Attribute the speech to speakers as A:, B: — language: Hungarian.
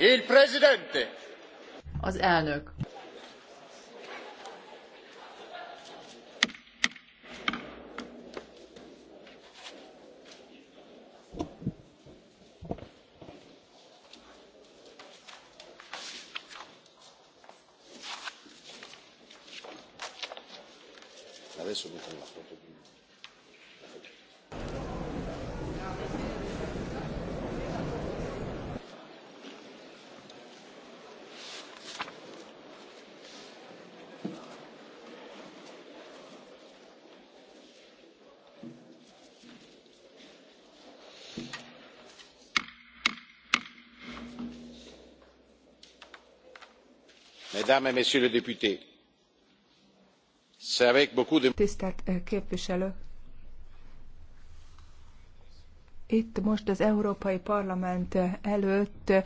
A: Il presidente.
B: Az elnök.
C: Adesso la foto.
D: mesdames et messieurs les députés c'est avec beaucoup de. tisztelt
E: eh, képviselő!
F: itt most az európai parlament eh, előtt eh,